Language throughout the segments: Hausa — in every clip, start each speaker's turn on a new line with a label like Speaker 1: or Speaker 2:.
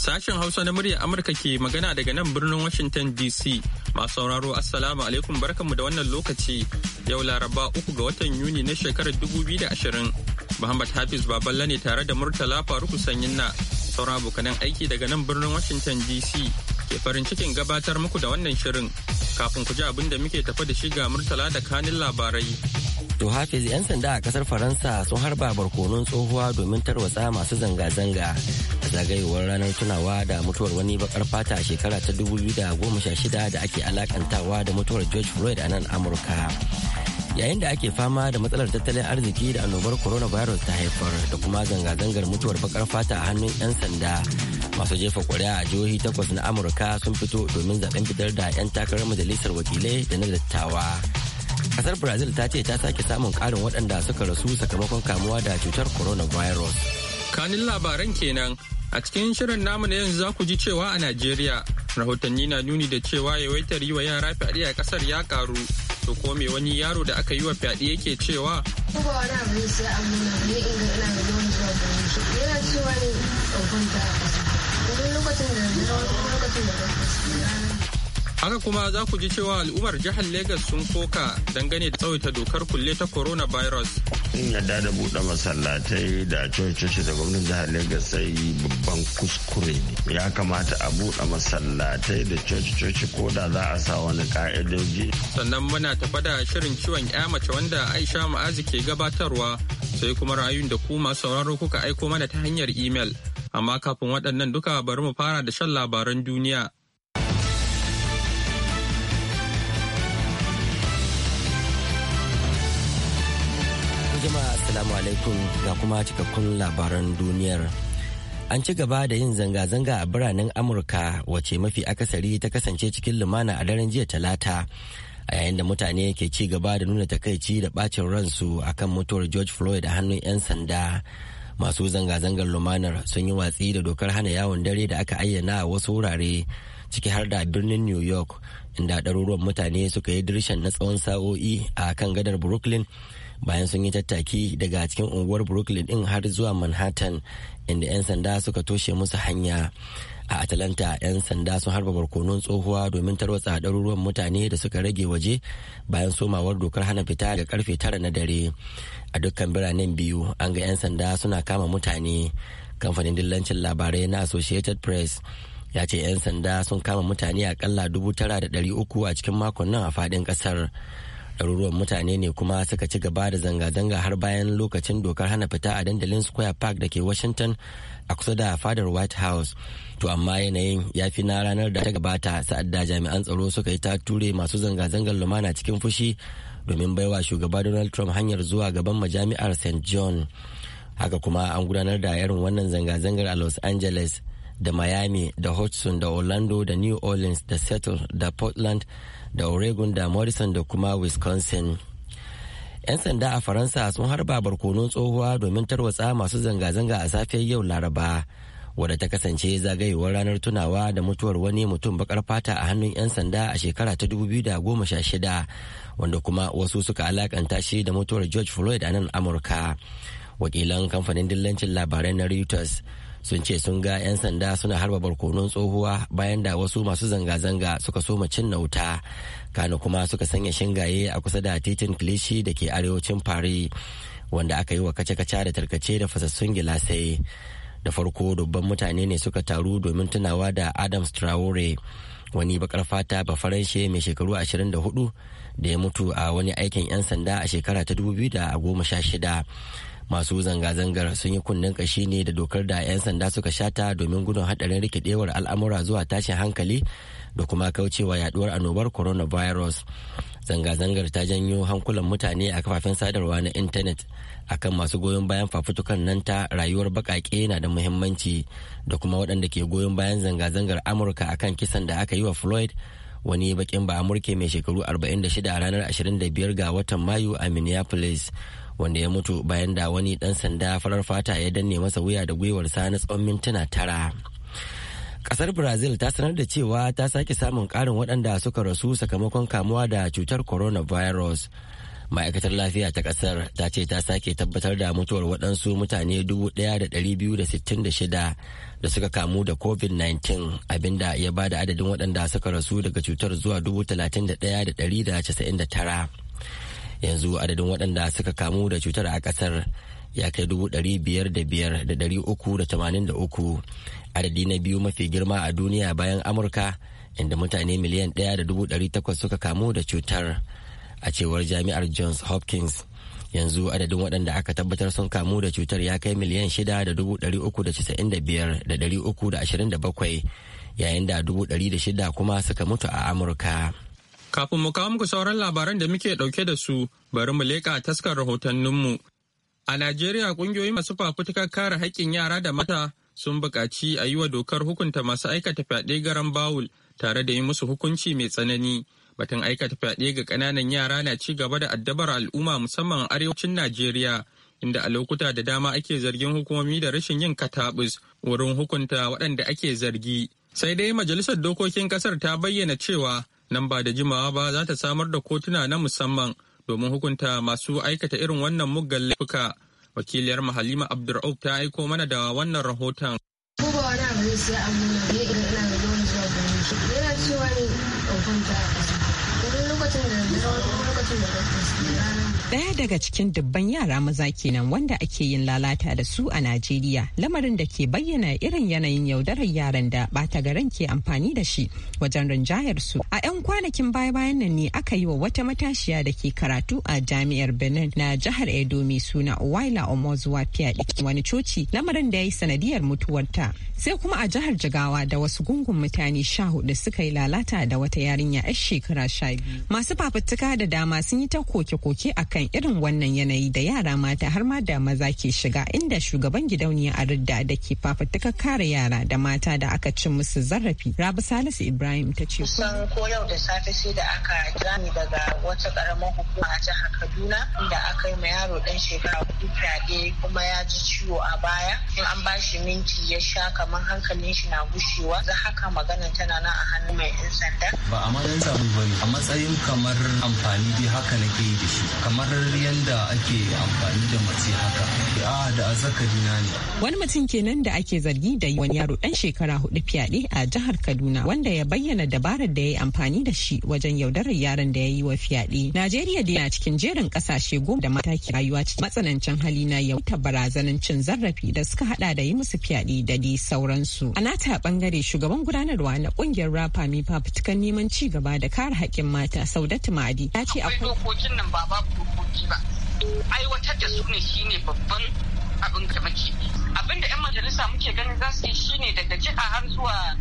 Speaker 1: Sashen Hausa na muryar Amurka ke magana daga nan birnin Washington DC. Masu sauraro Assalamu alaikum barkanmu da wannan lokaci. Yau Laraba uku ga watan Yuni na shekarar 2020. Muhammad Hafiz Baballa ne tare da Murtala Faruku Sanyin na sauran abokanen aiki daga nan birnin Washington DC. ke farin cikin gabatar muku da wannan shirin kafin ku ji abin da muke tafi da shi ga Murtala da kanin labarai.
Speaker 2: To Hafiz 'yan sanda a kasar Faransa sun harba barkonon tsohuwa domin tarwatsa masu zanga-zanga a zagayowar ranar tunawa da mutuwar wani bakar fata shekara ta 2016 da ake alakantawa da mutuwar George Floyd a nan Amurka. Yayin da ake fama da matsalar tattalin arziki da annobar coronavirus ta haifar da kuma zanga-zangar mutuwar bakar fata a hannun 'yan sanda masu jefa kuri'a a jihohi takwas na amurka sun fito domin zaben fitar da 'yan takarar majalisar wakilai da na dattawa kasar brazil ta ce ta sake samun karin waɗanda suka rasu sakamakon kamuwa da cutar coronavirus
Speaker 1: kanin labaran kenan a cikin shirin namu na yanzu za ku ji cewa a najeriya rahotanni na nuni da cewa yawaitar yi wa yara fyaɗe a ƙasar ya karu to ko me wani yaro da aka yi wa fyaɗe yake cewa
Speaker 3: cewa ne
Speaker 1: haka kuma za ku ji cewa al'ummar jihar Legas sun koka dangane da tsawaita dokar kulle ta coronavirus. In yadda da
Speaker 3: buɗe masallatai da coci da gwamnatin jihar Legas sai babban kuskure ne. Ya kamata a buɗe masallatai da coci-coci ko da za a sa wani ka'idoji.
Speaker 1: Sannan muna tafa da shirin ciwon ya mace wanda Aisha Ma'azi ke gabatarwa sai kuma ra'ayoyin da ku masu sauraro kuka aiko mana ta hanyar imel. Amma kafin waɗannan duka bari mu fara da shan labaran duniya.
Speaker 2: Jama'a Assalamu alaikum ga kuma cikakkun labaran duniyar. An ci gaba da yin zanga-zanga a biranen Amurka wace mafi akasari ta kasance cikin lumana a daren jiya talata. a yayin da mutane ke ci gaba da nuna takaici da bacin ransu akan mutuwar george floyd a hannun 'yan sanda masu zanga-zangar lumanar sun yi watsi da dokar hana yawon dare da aka ayyana a wasu wurare ciki har da birnin new york inda ɗaruruwan mutane suka yi dirshan na tsawon sa'o'i a kan gadar brooklyn bayan sun yi tattaki daga cikin unguwar brooklyn din har zuwa manhattan inda 'yan sanda suka toshe musu hanya a atalanta 'yan sanda sun harba barkonon tsohuwa domin tarwatsa ɗaruruwan mutane da suka rage waje bayan somawar dokar hana fita da karfe tara na dare a dukkan biranen biyu an ga 'yan sanda suna kama mutane kamfanin dillancin labarai na associated press ya ce 'yan sanda sun kama mutane akalla dubu tara da ɗari uku a cikin makon nan a faɗin ƙasar ɗaruruwan mutane ne kuma suka ci gaba da zanga-zanga har bayan lokacin dokar hana fita a dandalin square park da ke washington a kusa da fadar white house to amma yanayin ya fi na ranar da ta gabata sa'ad da jami'an tsaro suka yi ta ture masu zanga-zangar lumana cikin fushi domin baiwa shugaba donald trump hanyar zuwa gaban majami'ar st john haka kuma an gudanar da irin wannan zanga-zangar a los angeles da miami da hodgson da orlando da new orleans da seattle da portland da oregon da morrison da kuma wisconsin 'yan sanda a faransa sun harba barkonon tsohuwa domin tarwatsa masu zanga-zanga a safiyar yau laraba wadda ta kasance zagayewar ranar tunawa da mutuwar wani mutum bakar fata a hannun 'yan sanda a shekara ta 2016 wanda kuma wasu suka alakanta shi da mutuwar george floyd a nan amurka wakilan kamfanin dillancin labarai na reuters sun ce sun ga 'yan sanda suna harba barkonon tsohuwa bayan da wasu masu zanga-zanga suka soma cinna nauta kano kuma suka sanya shingaye a kusa da titin kilishi da ke arewacin fari wanda aka yi wa kace-kace da tarkace da fasassun gilasai da farko dubban mutane ne suka taru domin tunawa da adams traore wani bakar fata bafaranshe mai shekaru 24 da ya mutu a wani aikin 'yan sanda a shekara ta 2016 masu zanga-zangar sun yi kunnen kashi ne da dokar da 'yan sanda suka shata domin gudun hadarin rikidewar al'amura zuwa tashin hankali da kuma kaucewa yaduwar annobar coronavirus zanga-zangar ta janyo hankulan mutane a kafafen sadarwa na intanet akan masu goyon bayan fafutukan nan ta rayuwar bakake na da muhimmanci da kuma waɗanda ke goyon bayan zanga-zangar amurka akan kisan da aka yi wa floyd wani bakin ba amurke mai shekaru 46 a ranar 25 ga watan mayu a minneapolis wanda ya mutu bayan da wani ɗan sanda farar fata ya danne masa wuya da gwiwarsa na tsawon mintuna tara. Kasar Brazil ta sanar da cewa ta sake samun ƙarin waɗanda suka rasu sakamakon kamuwa da cutar coronavirus. Ma'aikatar lafiya ta kasar ta ce ta sake tabbatar da mutuwar waɗansu mutane 1,266 da suka kamu da COVID-19 abinda ya ba da adadin waɗanda suka rasu daga cutar zuwa 31,199. Yanzu adadin waɗanda suka kamu da cutar a ƙasar ya kai adadi na biyu mafi girma a duniya bayan amurka inda mutane miliyan ɗaya da dubu ɗari takwas suka kamu da cutar a cewar jami'ar johns hopkins yanzu adadin waɗanda aka tabbatar sun kamu da cutar ya kai miliyan shida da dubu ɗari uku da casa'in da biyar da ɗari uku da ashirin da bakwai yayin da dubu ɗari da shida kuma suka mutu a amurka
Speaker 1: kafin mu kawo muku sauran labaran da muke ɗauke da su bari mu leƙa taskar rahotanninmu a najeriya ƙungiyoyi masu fafutukar kare haƙƙin yara da mata sun buƙaci a yi wa dokar hukunta masu aikata fyaɗe garan bawul tare da yi musu hukunci mai tsanani batun aikata fyaɗe ga ƙananan yara na ci gaba da addabar al'umma musamman a arewacin najeriya inda a lokuta da dama ake zargin hukumomi da rashin yin katabus wurin hukunta waɗanda ake zargi sai dai majalisar dokokin ƙasar ta bayyana cewa nan ba da jimawa ba za ta samar da kotuna na musamman domin hukunta masu aikata irin wannan muggan laifuka wakiliyar mahalima abdur'auk ta aiko mana da wannan rahoton
Speaker 4: Kuma na wani abu sai an nuna ne idan ina da yawan zuwa gari shi yana cewa ne ɗaukan ta
Speaker 5: Daya daga cikin dubban yara maza kenan wanda ake yin lalata da su a Najeriya lamarin da ke bayyana irin yanayin yaudarar yaran da bata garan ke amfani da shi wajen rinjayar su. A 'yan kwanakin baya-bayan nan ne aka yi wa wata matashiya da ke karatu a jami'ar Benin na jihar Edo mai suna Waila Omozuwa Fiyaɗe wani coci lamarin da ya yi sanadiyar mutuwarta. Sai kuma a jihar Jigawa da wasu gungun mutane sha hudu suka yi lalata da wata yarinya 'yar shekara sha biyu. masu fafutuka da dama sun yi ta koke-koke akan irin wannan yanayi da yara mata har ma da maza ke shiga inda shugaban gidauniya aridda da ke fafutuka kare yara da mata da aka cin musu zarafi rabi salisu ibrahim ta ce
Speaker 4: kusan ko yau da safe sai da aka jami daga wata karamar hukuma a jihar kaduna inda aka yi ma yaro dan shekara hudu fyaɗe kuma ya ji ciwo a baya in an bashi minti ya sha kamar hankalin shi na gushewa
Speaker 3: za haka magana tana nan a hannun mai 'yan sanda
Speaker 6: ba a ma 'yan sabu ba ne a matsayin kamar
Speaker 3: amfani dai haka na yi da shi kamar yadda ake amfani da mace haka
Speaker 2: a da azakari na ne
Speaker 5: wani mutum kenan da ake zargi da yi wani yaro dan shekara hudu fyaɗe a jihar kaduna wanda ya bayyana dabarar da ya yi amfani da shi wajen yaudarar yaran da ya yi wa fyaɗe najeriya da yana cikin jerin kasashe goma da mata ke rayuwa cikin matsanancin hali na yau ta cin zarafi da suka hada da yi musu fyaɗe da dai sauransu a nata bangare shugaban gudanarwa na kungiyar rapa mi fafutukan neman ci gaba da kare haƙƙin mata Saudatu Madi ta ce akwai
Speaker 3: dokokin nan ba babu dokoki ba aiwatar da su ne shine babban abin da muke abin da 'yan majalisa muke ganin za su yi shine daga jiha har zuwa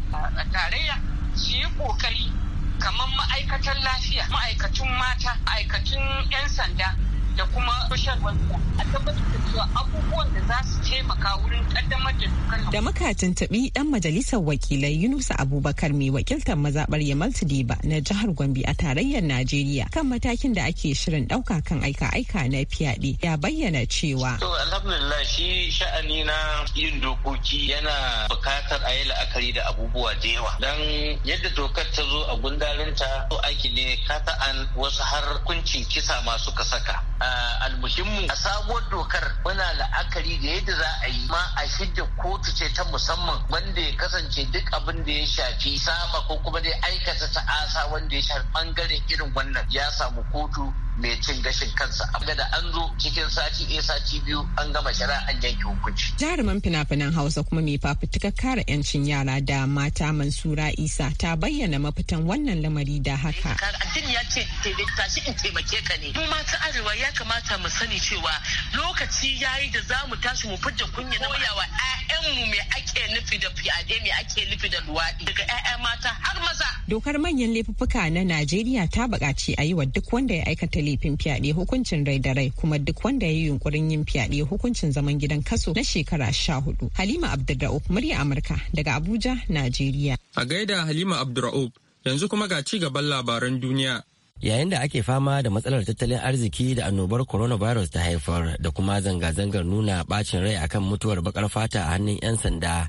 Speaker 3: tarayya su yi kokari kamar ma'aikatan lafiya ma'aikatun mata ma'aikatun 'yan sanda da kuma social welfare a tabbatar da cewa
Speaker 7: abubuwan da za su taimaka wurin kaddamar da dokar da
Speaker 5: muka tuntubi dan majalisar wakilai Yunusa Abubakar mai wakiltar mazabar Yamal Tidiba na jihar Gombe a tarayyar Najeriya kan matakin da ake shirin dauka kan aika-aika na fyaɗe ya bayyana cewa to
Speaker 3: alhamdulillah shi sha'ani na yin dokoki yana bukatar a yi la'akari da abubuwa da yawa dan yadda dokar ta zo a gundarinta to aiki ne kasa'an
Speaker 1: wasu har kuncin
Speaker 3: kisa ma suka saka Eh, almuhimmu a sabuwar dokar muna la'akari da yadda za a yi ma a shidda kotu ce ta musamman wanda ya kasance duk abin da ya shafi saba ko kuma dai aikata ta'asa wanda ya shafi bangaren irin wannan ya samu kotu mai cin gashin kansa abinda da an zo cikin sati ɗaya sati biyu an
Speaker 2: gama shari'a an yanke hukunci.
Speaker 5: jaruman fina-finan hausa kuma mai fafutukar kare 'yancin yara da mata mansura isa ta bayyana mafitan wannan lamari da haka.
Speaker 2: addini ya ce
Speaker 4: tashi in taimake ka ne mu mata arewa ya kamata mu sani cewa lokaci ya yi
Speaker 3: da za mu tashi mu fidda kunya na koyawa 'ya'yanmu me ake nufi da fiyade me ake nufi da luwaɗi daga 'ya'ya mata har maza.
Speaker 5: dokar manyan laifuffuka na najeriya ta buƙaci a yi wa duk wanda ya aikata laifin fyaɗe hukuncin rai da rai kuma duk wanda ya yi yunkurin yin fyaɗe hukuncin zaman gidan kaso na shekara sha hudu. Halima Abdulra'uf murya Amurka daga Abuja,
Speaker 2: Najeriya.
Speaker 1: A gaida Halima Abdulra'uf yanzu kuma ga ci gaban labaran duniya.
Speaker 2: Yayin da ake fama da matsalar tattalin arziki da annobar coronavirus ta haifar da kuma zanga-zangar nuna bacin rai akan mutuwar bakar fata a hannun 'yan sanda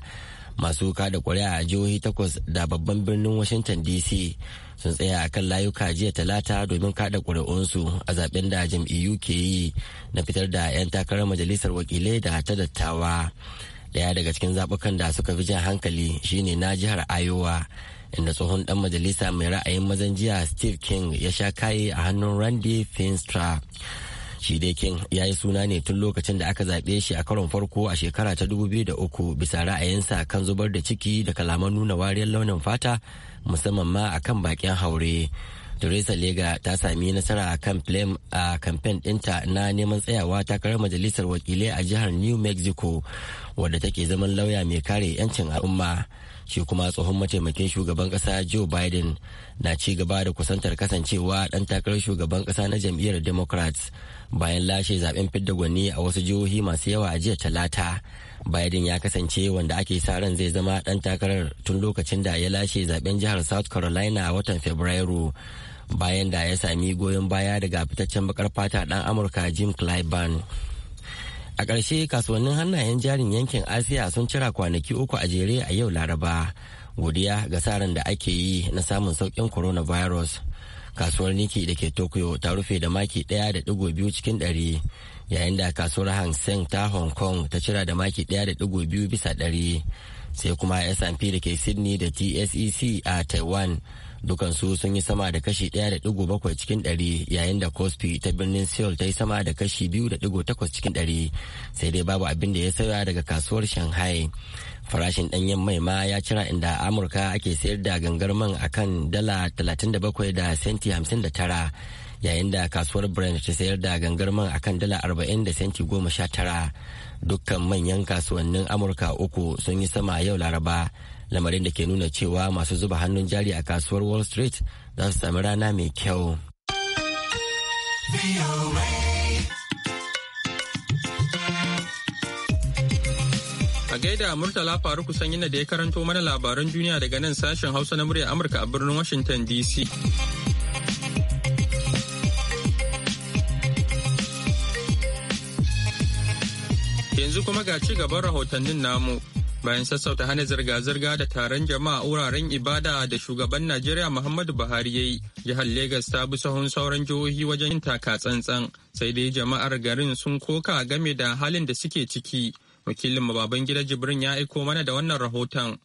Speaker 2: masu kada kuri'a a jihohi takwas da babban birnin Washington DC sun tsaya a kan layuka jiya talata domin kada ƙuri'unsu a zaben da jam'iyyu ke yi na fitar da 'yan takarar majalisar wakilai da ta dattawa daya daga cikin zaɓukan da suka fi jan hankali shine na jihar ayowa inda tsohon dan majalisa mai ra'ayin mazan jiya steve king ya sha kaye a hannun randy finstra shi dai king ya yi suna ne tun lokacin da aka zaɓe shi a karon farko a shekara ta dubu biyu da uku bisa ra'ayinsa kan zubar da ciki da kalaman nuna wariyar launin fata musamman ma a kan baƙin haure theresa Lega ta sami nasara a kan flame a kamfen ɗinta na neman tsayawa takarar majalisar wakilai a jihar New Mexico wadda take zaman lauya mai kare 'yancin al'umma. Shi kuma tsohon mataimakin shugaban ƙasa Joe Biden na ci gaba da kusantar kasancewa ɗan takarar shugaban ƙasa na jam'iyyar Democrats. bayan lashe zaben fidda gwani a wasu jihohi masu yawa a jiya talata biden ya kasance wanda ake sa ran zai zama dan takarar tun lokacin da ya lashe zaben jihar south carolina a watan fabrairu bayan da ya sami goyon baya daga fitaccen bakar fata dan amurka jim clyburn a ƙarshe kasuwannin hannayen jarin yankin asiya sun cira kwanaki uku a jere a yau laraba godiya ga sa ran da ake yi na samun sauƙin coronavirus. kasuwar niki da ke tokyo ta rufe da maki daya da ɗigo biyu cikin dari yayin da kasuwar hang seng ta hong kong ta cira da maki daya da ɗigo biyu bisa ɗari sai kuma S&P da ke Sydney da TSEC a Taiwan dukansu sun yi sama da kashi 1.7 cikin 100 yayin da Kospi ta birnin Seoul ta yi sama da kashi 2.8 cikin 100 sai dai babu abin da ya sauya daga kasuwar Shanghai. farashin ɗanyen mai ma ya cira inda amurka ake sayar da gangar man akan dala 37 da senti 59 yayin da kasuwar brent ta sayar da gangar man akan dala 40 da senti 19 dukkan manyan kasuwannin amurka uku sun yi sama yau laraba lamarin da ke nuna cewa masu zuba hannun jari a kasuwar wall street za su sami rana mai kyau.
Speaker 1: A gaida Murtala Faruku sanyin da ya karanto mana labaran duniya daga nan sashen Hausa na murya Amurka a birnin Washington DC. Yanzu kuma ga ci gaban rahotannin namu. Bayan sassauta hana zirga-zirga da taron jama'a a wuraren ibada da shugaban Najeriya Muhammadu Buhari ya yi, jihar Legas ta bi sahun sauran jihohi wajen yin taka tsantsan, sai dai jama'ar garin sun koka game da halin da suke ciki. Wakilin Babangida Jibrin ya aiko mana da wannan rahoton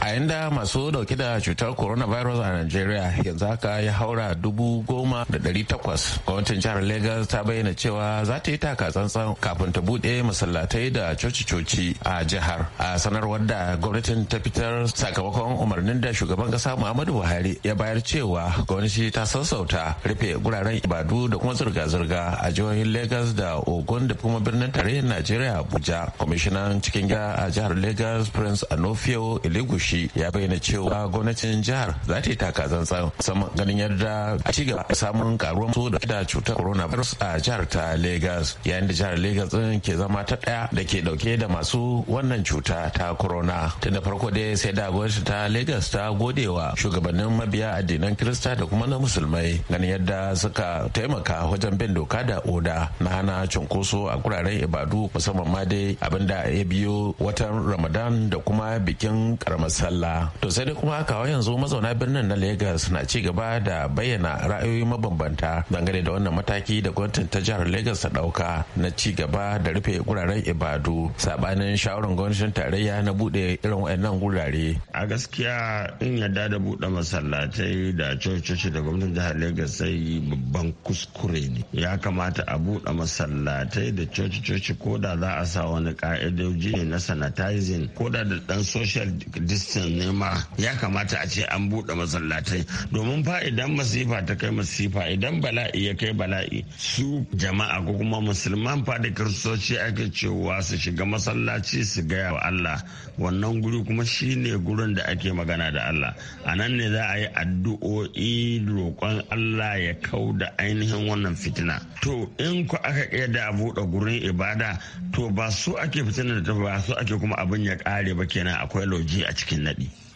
Speaker 6: a inda masu dauke da cutar coronavirus a Najeriya yanzu haka ya haura dubu goma da dari takwas. Gwamnatin jihar Legas ta bayyana cewa za ta yi taka tsantsan kafin ta bude masallatai da coci-coci a jihar. A sanarwar da gwamnatin ta fitar sakamakon umarnin da shugaban kasa Muhammadu Buhari ya bayar cewa gwamnati ta sassauta rufe guraren ibadu da kuma zirga-zirga a jihohin Legas da Ogun da kuma birnin tarayyar Najeriya Abuja. Kwamishinan cikin gida a jihar Legas Prince Anofio Elegu Kushi ya bayyana cewa gwamnatin jihar za ta yi taka zantsa saman ganin yadda a ci gaba samun karuwar so da cutar coronavirus a jihar ta Lagos yayin da jihar Lagos din ke zama ta daya da ke dauke da masu wannan cuta ta corona tun da farko dai sai da gwamnati ta Lagos ta godewa shugabannin mabiya addinan Kirista da kuma na musulmai ganin yadda suka taimaka wajen bin doka da oda na hana cunkoso a guraren ibadu musamman ma dai abinda ya biyo watan Ramadan da kuma bikin karamar masallah to sai dai kuma kawo yanzu mazauna birnin na lagos na ci gaba da bayyana ra'ayoyi mabambanta dangane da wannan mataki da gwamnatin ta jihar lagos ta dauka na ci gaba da rufe guraren ibadu sabanin shawarar gwamnatin tarayya na bude irin wayannan gurare a
Speaker 3: gaskiya in yadda da bude masallatai da cococi da gwamnatin jihar lagos sai babban kuskure ne ya kamata a bude masallatai da coci ko da za a sa wani ka'idoji na sanitizing ko da da dan social distance nema ya kamata a ce an buɗe masallatai domin fa idan masifa ta kai masifa idan bala'i ya kai bala'i su jama'a ko kuma musulman fa da kiristoci ake cewa su shiga masallaci su gaya wa Allah wannan guri kuma shine gurin da ake magana da Allah a nan ne za a yi addu'o'i roƙon Allah ya kau da ainihin wannan fitina to in ku aka da a buɗe gurin ibada to ba su ake fitina da ta ba su ake kuma abin ya ƙare ba kenan akwai loji a cikin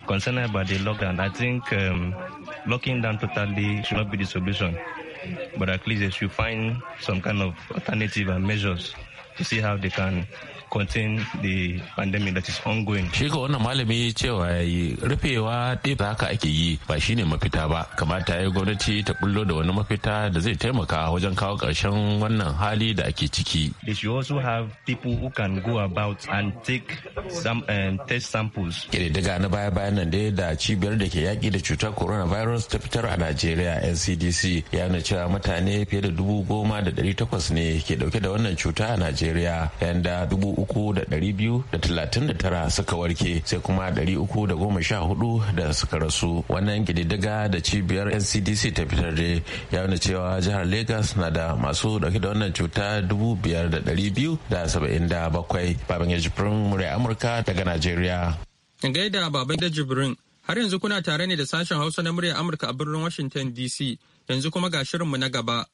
Speaker 6: Concerned about the lockdown, I think um, locking down totally should not be the solution, but at least they should find some kind of alternative and measures to see how they can contain the pandemic that is ongoing. Shi ga wannan malami cewa ya yi rufewa da haka ake yi ba shine mafita ba kamata ya gwamnati ta bullo da wani mafita da zai taimaka wajen kawo ƙarshen wannan hali da ake ciki. They should also have people who can go about and take some um, eh, test samples. Ƙididdiga na baya-bayan nan dai da cibiyar da ke yaƙi da cutar coronavirus ta fitar a Najeriya NCDC ya nuna cewa mutane fiye da dubu goma da ɗari takwas ne ke ɗauke da wannan cuta a Najeriya yanda dubu 3,239 suka warke sai kuma 314 da suka rasu wannan kididdiga da cibiyar ncdc ta fitar da ya nuna cewa jihar lagos na da masu dauke da wannan cuta 5,277 baban ya jibrin murya amurka daga nigeria
Speaker 1: gaida baban da har yanzu kuna tare ne da sashen hausa na murya amurka a birnin washington dc yanzu kuma ga shirinmu na gaba.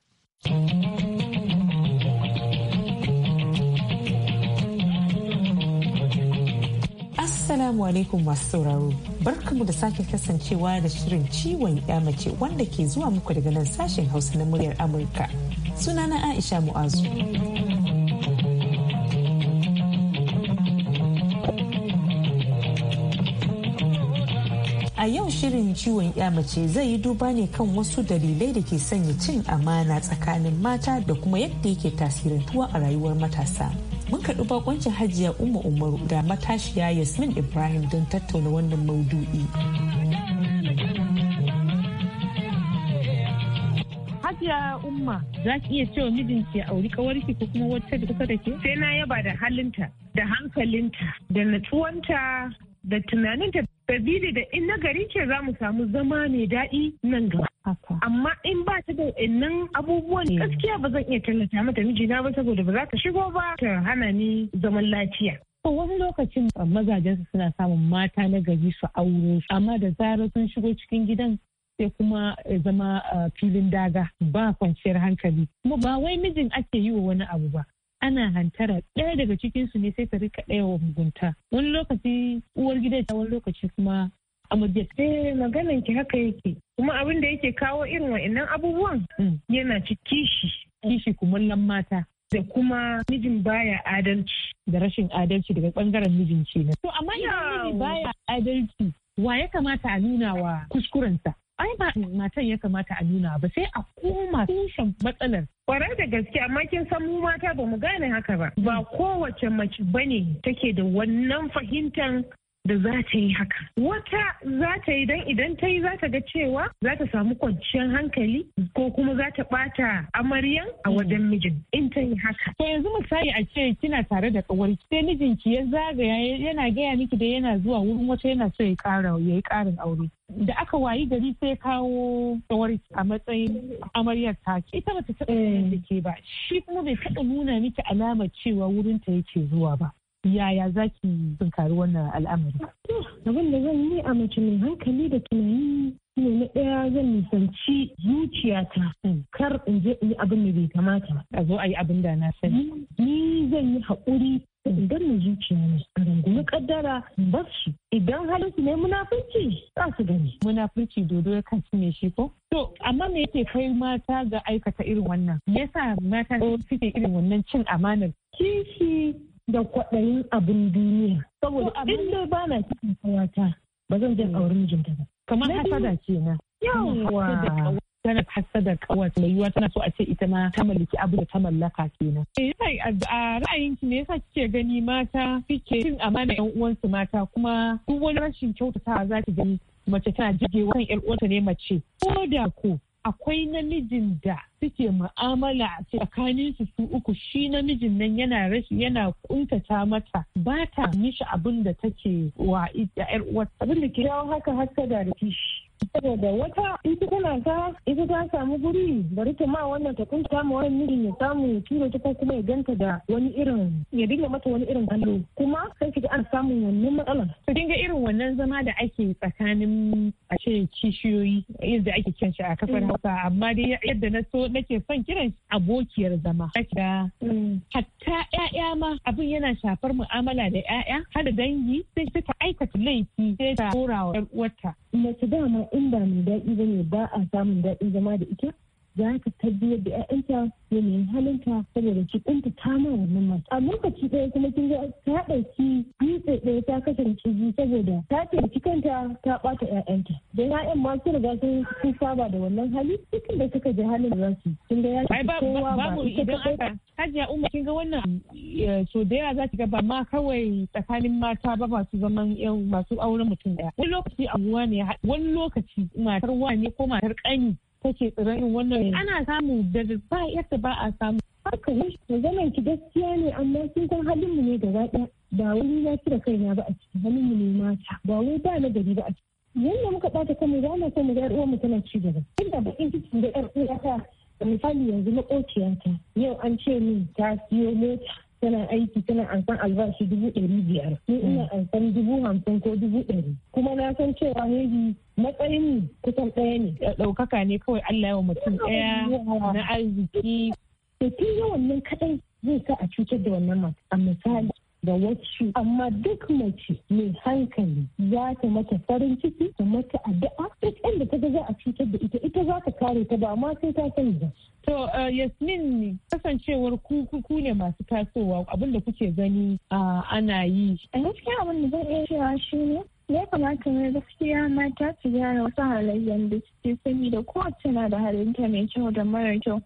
Speaker 4: Assalamu alaikum masu sauraro. Barkamu da sake kasancewa da shirin ciwon ya mace wanda ke zuwa muku daga nan sashen Hausa na muryar Amurka. Sunana Aisha Mu'azu. A yau shirin ciwon ya mace zai yi duba ne kan wasu dalilai da ke sanya cin amana tsakanin mata da kuma yadda yake tasirantuwa a rayuwar matasa. Mun karɓi bakoncin hajiya Umma Umaru da matashiya Yasmin Ibrahim don tattauna wannan maudu'i. Hajiya Umma za ki iya cewa mijinki ya auri kawarki ko kuma wata da kusa da ke? Sai na yaba da halinta, da hankalinta, da natsuwanta, da tunaninta sabili da in na gari ce za mu samu zama mai daɗi nan gaba. Amma in ba ta da innan abubuwan eh. gaskiya ba zan iya tallata mata mijina ba saboda ba za ta shigo ba ta hana ni zaman lafiya. wani lokacin mazajensu suna samun mata na gari su aure su amma da zarar sun shigo cikin gidan sai kuma eh, zama filin daga ba kwanciyar hankali kuma ba wai mijin ake yi wa wani abu ba ana hantara ɗaya daga cikin su ne sai ta rika ɗaya wa mugunta wani lokaci uwar gida ta wani lokaci kuma amurje eh maganan ki haka yake kuma abin da yake kawo irin wa'annan abubuwan mm. yana ci kishi kishi kumullan mata da kuma mijin baya adalci da rashin adalci daga bangaren mijin na. to amma idan mijin baya adalci wa ya kamata a nuna wa kuskurensa ai ba matan ya kamata a nuna ba sai a koma tushen matsalar kwarar da gaske amma kin san mu mata ba mu gane haka ba ba kowace mace bane take da wannan fahimtar da za ta yi haka. Wata za ta yi don idan ta yi za ta ga cewa za ta samu kwanciyar hankali ko kuma za ta bata amaryan a hmm. wajen mijin in ta yi haka. To yanzu misali a ce kina tare da kawarki sai mijinki ya zagaya yana gaya miki da yana zuwa wurin wata yana so ya kara ya yi karin aure. Da aka wayi gari sai kawo kawarki a matsayin amaryar ta ke. ita bata taɓa eh. da ke ba shi kuma bai taɓa nuna miki alamar cewa wurin ta yake zuwa ba. yaya za ki tunkari wannan al'amari? Abin da zan yi a mace hankali da tunani ne na ɗaya zan nisanci zuciyata kar in je in yi abin da bai kamata. A zo a yi abin da na sani. Ni zan yi haƙuri idan na zuciya ne a rungumi kaddara bar shi idan halin ne munafunci za su gani. Munafunci dodo ya kan cinye shi ko? To amma me yake kai mata ga aikata irin wannan? Me yasa mata suke irin wannan cin amanar? Kishi da kwaɗayin abin duniya. Saboda abin da ba na cikin kawata ba zan jan auren mijinta ba. Kamar hasada ce na. Yawwa. tana hasada kawai mai yiwuwa tana so a ce ita ma ta mallaki abu da ta mallaka ke na. Eh, a ra'ayinki ne yasa kike gani mata kike cin amana yan uwansu mata kuma duk wani rashin kyautatawa za ki gani mace tana jigewa kan yar uwarta ne mace ko da ko akwai namijin da suke mu'amala tsakanin su su uku shi namijin nan yana rashi yana kuntata mata ba ta mishi abin da take wa ita yar uwarta abin da ke jawo haka haka da kishi saboda wata ita tana ta ita ta samu guri bari ta ma wannan ta kunta ma wannan mijin ya samu tura ta ko kuma ya ganta da wani irin ya dinga mata wani irin kallo kuma sai kiga an samu wannan matsalar to dinga irin wannan zama da ake tsakanin a ce kishiyoyi yadda ake kyanci a kafar Hausa amma dai yadda na so nake son kiran abokiyar zama haka mm. hatta ƴaƴa ma abin yana shafar mu'amala da ƴaƴa har da dangi sai suka aikata laifi sai ta wata mace dama in ba mai daɗi ba ne ba a samun daɗin zama da ita za ka tabbiyar da 'ya'yanta yanayin halinta saboda ki ɗanta ta ma wannan masu a lokaci ɗaya kuma kin ga ta ɗauki dutse ɗaya ta kasance ciki saboda ta da kanta ta ɓata 'ya'yanta da 'ya'yan ma masu riga sun saba da wannan hali cikin da suka ji halin za su kin ga ya kowa ba idan aka hajiya umma kin ga wannan so da yawa za ki ga ba ma kawai tsakanin mata ba masu zaman yan masu auren mutum ɗaya wani lokaci abuwa ne wani lokaci matar wa ne ko matar ƙani take tsiranin wannan ana samun da ba yadda ba a samu haka ne maganar ki gaskiya ne amma sun san halin mu ne gaba ba wani na cire kaina ba a ciki halin mu ne mata ba wai ba na gari ba a ciki yanda muka ɓata kanmu za mu san mu ga uwar mu tana ci gaba inda ba bakin cikin da ƴar uwa ta misali yanzu maƙociyata yau an ce min ta siyo mota tana aiki tana ansan albashi dubu ɗari biyar ni ina mm. dubu hamsin ko dubu ɗari kuma na san cewa maybe matsayin kusan ɗaya ne ɗaukaka ne kawai Allah yawa mutum ɗaya na arziki to tun yawan nan kaɗai zai sa a cutar da wannan mata a misali da wasu amma duk mace mai hankali za ta mata farin ciki ta mata addu'a duk inda ta ga za a cutar da ita ita za ta kare ta ba ma sai ta sani ba To uh, Yasmin kasancewar ku ne masu tasowa abinda kuke gani uh, ana yi. A gaskiya abin da zan iya cewa shi ne ya kamata mai gaskiya
Speaker 8: mata su gyara wasu halayyar da suke sani da kowace na da halinta mai kyau da mara kyau.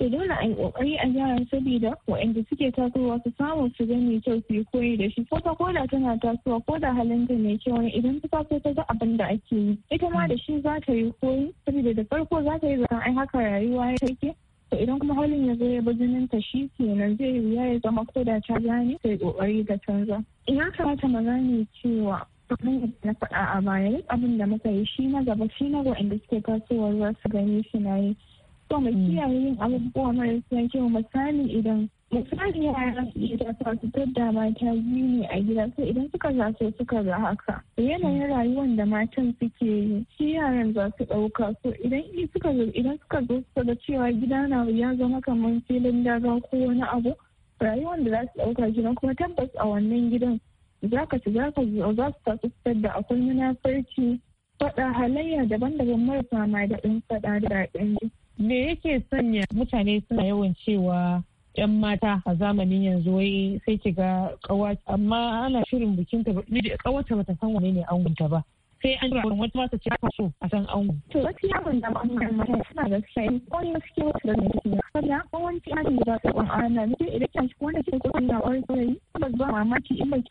Speaker 8: to eh, dole a yi kokari a jihar saboda waɗanda suke tasowa su samu su gani kyau su yi koyi da shi ko ta koda tana tasowa ko da halinta mai kyau ne idan ta taso ta ga abin da ake yi ita ma da shi za ta yi koyi saboda da farko za ta yi zaka ai haka rayuwa ya take to idan kuma halin ya zo ya bi jinin ta shi kenan zai yi ya zama ko da ta gane yi kokari da canza ina kamata mu gane cewa abin na faɗa a baya duk abin da muka yi shi na gaba shi na waɗanda suke tasowa za su gani shi na yi so mu kiyaye yin abubuwa marasa kyau misali idan misali yara su iya ta su tadda mata biyu ne a gida sai idan suka zaso suka ga haka yanayin rayuwar da matan suke yi shi yaran za su ɗauka so idan suka zo idan suka zo suka ga cewa gida na ya zama kamar filin daga ko wani abu rayuwar da za su ɗauka gidan kuma tabbas a wannan gidan za ka ci za ka zo za su tafi fitar da akwai munafarci faɗa halayya daban-daban marasa ma da ɗin faɗa da daɗin
Speaker 4: me yake sanya mutane suna yawan cewa yan mata a zamanin yanzu wai sai ki ga kawa amma ana shirin bikin ta kawata bata san wane ne angunta ba sai an jira wata masu ce aka so a san ango. To gaskiya ban da bangaren mata suna gaskiya in kwani gaskiya wasu da zai
Speaker 8: yi. Saboda kowanci ana da zaɓi a ana da idan kyan shi wanda ke kuɗin na ƙwarai ƙwarai. Tabbas ba mamaki in bai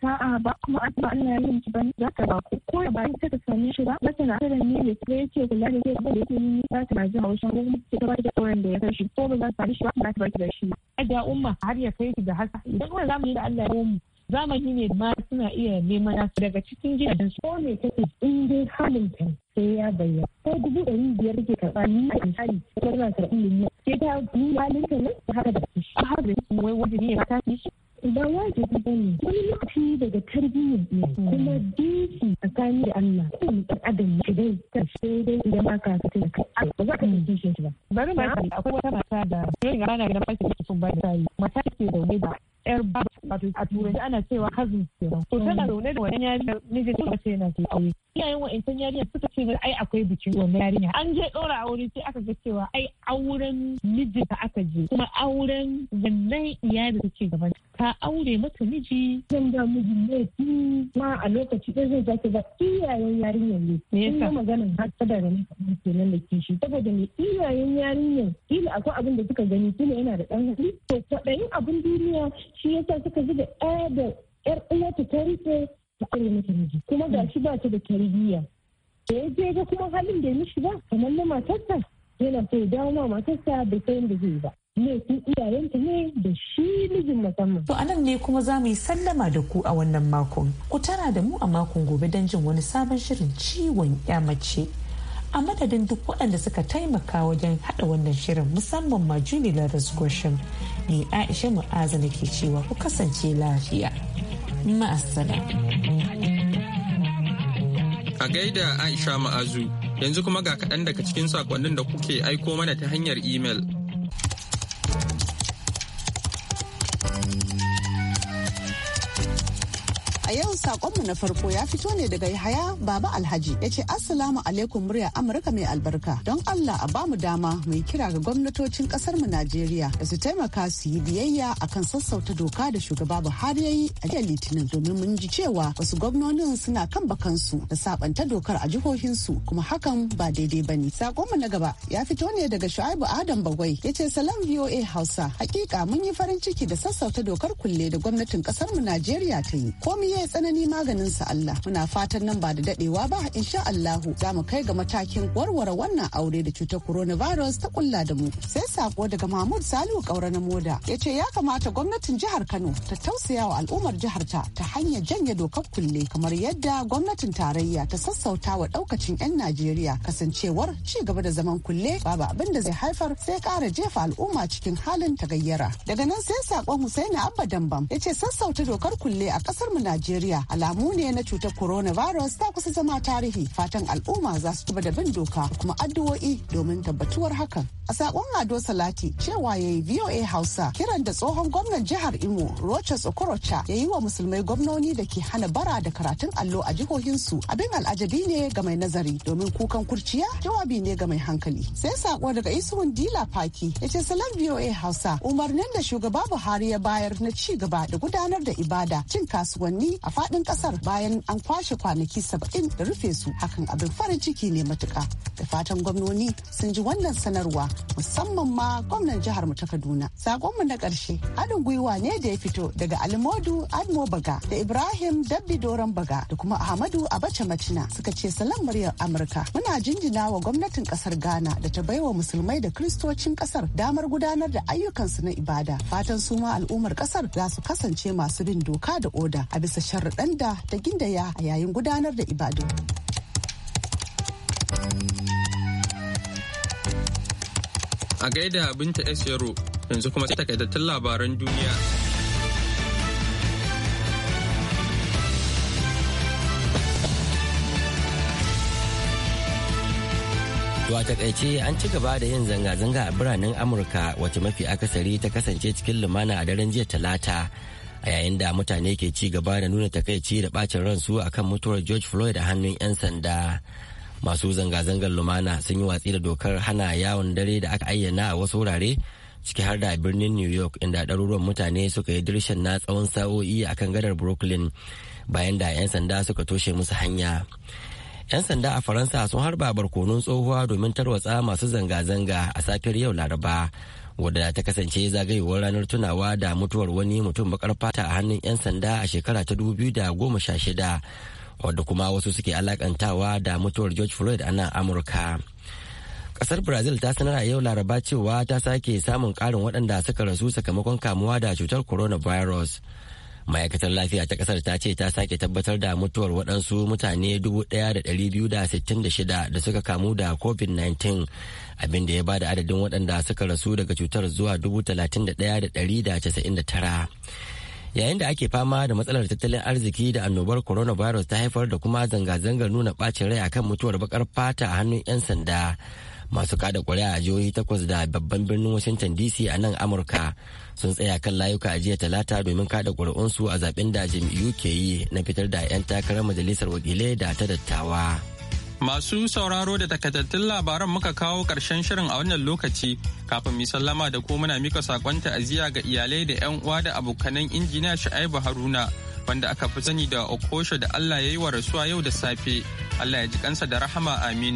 Speaker 8: ba kuma an ba ana yin ki ban za ta ba ku. Ko da bayan ta same shi ba za ta na da ne da ke yake kula da ke da yake yi za ta na jin haushin ko kuma ta ba da tsoron da ya kashi ko
Speaker 4: ba za ta ba shi ba za ta ba ki da shi. Ajiya umma har ya kai ki da haka. Idan kuma zamu yi da Allah ya mu. zamani ne ma suna iya neman nasu daga cikin gidajen ko me kake in dai halin ka sai ya bayyana ko dubu ɗari biyar ke karɓa ni a misali ko na karɓi miliyan sai ta ni halin ka ta haka da shi a haka da shi wai wajen ne ya tashi shi ba wajibi ba ne wani lokaci daga tarbiyyar ne kuma dinki tsakani da Allah ko ɗan adam ne dai ta sai dai idan aka fita da kai ba za ka yi shi ba bari ma akwai wata mata da yayin ana gidan fashi da sun ba da mata ke da wai ba yar ba wato a turanci ana cewa cousin kenan to tana zaune da wannan yarinya mijin ta ce na ke aure iyayen wa'ancan yarinya suka ce mai ai akwai bikin wannan yarinya an je dora aure sai aka ga cewa ai auren mijinta aka je kuma auren wannan iyali ta gaba gaban ta aure mata miji zan da miji ne ma a lokaci ɗaya zai zaki ga iyayen yarinyar ne me yasa maganin har ta da ne kenan da shi saboda ne iyayen yarinyar kila akwai abin da suka gani kila yana da ɗan hali to kwaɗayin abin duniya shi yasa suka ji ɗaya da ƴar uwata ta rufe ta aure mata miji kuma ga shi ba ta da tarbiyya da ya je ga kuma halin da ya mishi ba kamar na matarsa yana so ya dawo ma matarsa da sayan da zai ba ne sun iyayenta ne da shi mijin musamman. To anan ne kuma za mu yi sallama da ku a wannan makon. Ku tara da mu a makon gobe don jin wani sabon shirin ciwon ya mace. A madadin duk waɗanda suka taimaka wajen haɗa wannan shirin musamman ma jini Laras Goshen ni aisha mu'aza da ke cewa ku kasance lafiya ma'asala
Speaker 1: a gaida aisha ma'azu yanzu kuma ga kaɗan daga cikin sakonnin da kuke aiko mana ta hanyar imel.
Speaker 7: A yau sakonmu na farko ya fito ne daga Yahaya Baba Alhaji ya ce Assalamu alaikum murya Amurka mai albarka. Don Allah a bamu dama mai kira ga gwamnatocin kasar mu Najeriya da su taimaka su yi biyayya a kan sassauta doka da shugaba Buhari ya yi a jiya Litinin domin mun ji cewa wasu gwamnonin suna kan bakansu da sabanta dokar a jihohinsu kuma hakan ba daidai ba ne. Sakonmu na gaba ya fito ne daga Shu'aibu Adam Bagwai ya ce salam VOA Hausa. Hakika mun yi farin ciki da sassauta dokar kulle da gwamnatin kasar mu Najeriya ta yi. Komai mai tsanani maganin sa Allah muna fatan nan ba da dadewa ba insha Allahu za mu kai ga matakin warware wannan aure da cutar coronavirus ta kulla da mu sai sako daga Mahmud Salihu Kaura na Moda yace ya kamata gwamnatin jihar Kano ta tausaya wa al'ummar jihar ta ta hanyar janye dokar kulle kamar yadda gwamnatin tarayya ta sassauta wa daukacin 'yan Najeriya kasancewar ci gaba da zaman kulle babu abin da zai haifar sai kara jefa al'umma cikin halin tagayyara daga nan sai sakon Hussaini Abba Dambam yace ce sassauta dokar kulle a kasar mu Najeriya Najeriya alamu ne na cutar coronavirus ta kusa zama tarihi fatan al'umma za su tuba da bin doka kuma addu'o'i domin tabbatuwar hakan. A sakon Ado Salati cewa ya yi VOA Hausa kiran da tsohon gwamnan jihar Imo Rochas Okorocha ya yi wa musulmai gwamnoni da ke hana bara da karatun allo a jihohinsu abin al'ajabi ne ga mai nazari domin kukan kurciya jawabi ne ga mai hankali. Sai saƙon daga Isuhun Dila Faki ya ce salam VOA Hausa umarnin da shugaba Buhari ya bayar na ci gaba da gudanar da ibada cin kasuwanni a faɗin ƙasar bayan an kwashe kwanaki saba'in da rufe su hakan abin farin ciki ne matuka da fatan gwamnoni sun ji wannan sanarwa musamman ma gwamnan jihar mu ta Kaduna. Sakonmu na ƙarshe haɗin gwiwa ne da ya fito daga Almodu Admo Baga da Ibrahim Dabbi Doron Baga da kuma Ahmadu Abacha Macina suka ce salam muryar Amurka. Muna jinjina wa gwamnatin ƙasar Ghana da ta baiwa musulmai da Kiristocin ƙasar damar gudanar da ayyukansu na ibada. Fatan su ma al'ummar ƙasar za su kasance masu bin doka da oda a bisa sharaɗanda, da ta gindaya a yayin gudanar da ibadu.
Speaker 1: A gaida Binta S. yanzu kuma sai takaitattun labaran duniya.
Speaker 2: To a takaice an ci gaba da yin zanga-zanga a biranen Amurka wacce mafi akasari ta kasance cikin lumana a daren jiya talata a yayin da mutane ke ci gaba da nuna takaici da bacin ransu akan mutuwar George Floyd a hannun 'yan sanda. masu zanga-zangar lumana sun yi watsi da dokar hana yawon dare da aka ayyana a wasu wurare ciki har da birnin new york inda ɗaruruwan mutane suka yi dirshan na tsawon sa'o'i a kan gadar brooklyn bayan da 'yan sanda suka toshe musu hanya 'yan sanda a faransa sun harba barkonun tsohuwa domin tarwatsa masu zanga-zanga a safiyar yau laraba wadda ta kasance zagayewar ranar tunawa da mutuwar wani mutum bakar fata a hannun 'yan sanda a shekara ta 2016 wadda kuma wasu suke alakantawa da mutuwar george floyd a nan amurka kasar brazil ta sanar a yau laraba cewa ta sake samun karin waɗanda suka rasu sakamakon kamuwa da cutar coronavirus ma'aikatar lafiya ta kasar ta ce ta sake tabbatar da mutuwar waɗansu mutane 1,266 da suka kamu da covid-19 abinda ya bada adadin waɗanda suka rasu daga cutar zuwa 31,199 yayin da ake fama da matsalar tattalin arziki da annobar coronavirus ta haifar da kuma zanga-zangar nuna bacin rai akan mutuwar bakar fata a hannun 'yan sanda masu kada kuri'a a jihohi takwas da babban birnin washington dc a nan amurka sun tsaya kan layuka a jiya talata domin kada kuri'unsu a zaben da jam'iyyu ke yi na fitar da 'yan takarar majalisar wakilai da ta dattawa.
Speaker 1: Masu sauraro da takaitattun labaran muka kawo ƙarshen shirin a wannan lokaci kafin mu sallama da ko muna mika sakon ta'aziyya ga iyalai da 'yan uwa da abokanan injiniya Shu'aibu Haruna wanda aka fi sani da Okosho da Allah ya yi wa rasuwa yau da safe. Allah ya ji kansa da rahama amin.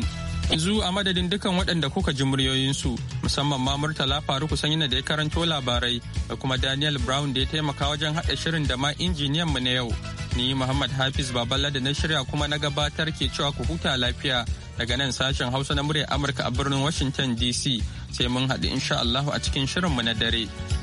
Speaker 1: Yanzu a madadin dukan waɗanda kuka ji muryoyinsu musamman ma Murtala Faruku na da ya karanto labarai da kuma Daniel Brown da ya taimaka wajen haɗa shirin da ma injiniyan mu na yau. Ni Muhammad Hafiz Baballa da na shirya kuma na gabatar ke cewa ku huta lafiya daga nan sashen Hausa na muryar Amurka a birnin Washington DC sai mun haɗu insha Allahu a cikin shirinmu na dare.